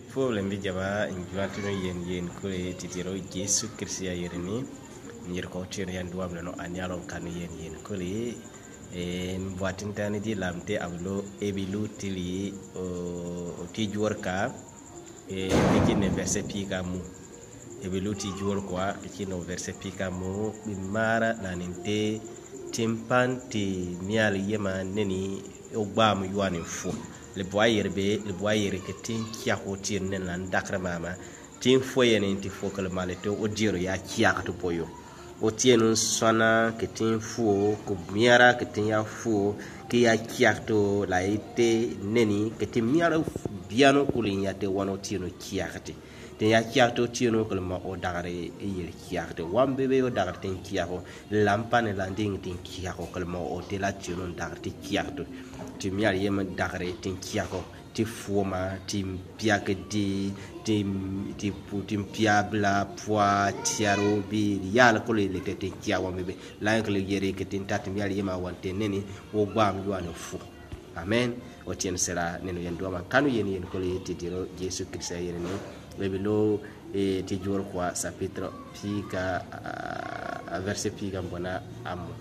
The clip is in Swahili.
ipole mbi jaba injulatino yen yen kule titiro jesu kirisiya yerini nyir ko tir yan duwam lano anyalon kanu yen yen kule en eh, buatintani di lamte ablo ebilu tili o oh, tijuwar ka e eh, bikine verse pika mu ebilu tijuwar kwa bikino verse pika mu bimara naninte timpanti mial yema neni ogbamu yuwani fu lebwa yere be lebwa yere ke tin kya ko tir ne nan dakra maama tin foye ne ti fo kala male to o jero ya kya ka to boyo o tie sɔna sona ke tin fuo ko miara ke tin ya fuo ke ya kya to la yi te neni ke tin miara biyano kuli n yatɩ wãno tɩɩno kɩagte tɩ n yaa kɩag tɩ tɩɩno o dagr n e yel kɩagte wãn be be o dagr tɩ n kɩago la n pa ne la n dɩng tɩ n o tɩ la tɩɩno n dagr tɩ kɩagto tɩ m yaa yem dagre tɩ n kɩago tɩ fʋʋma tɩ n piak dɩ tɩ n pia bla pʋa tɩaro bɩ yaal kolo ye lekte tɩ n kɩa yema wan tɩ nene wo gbaam yoane fʋ amen otiyen sera nen yen duwa kanu yen yen ko le titiro jesu Kristo yen ni lebi lo e, juor tijor kwa sapitro pika verse pika mbona amu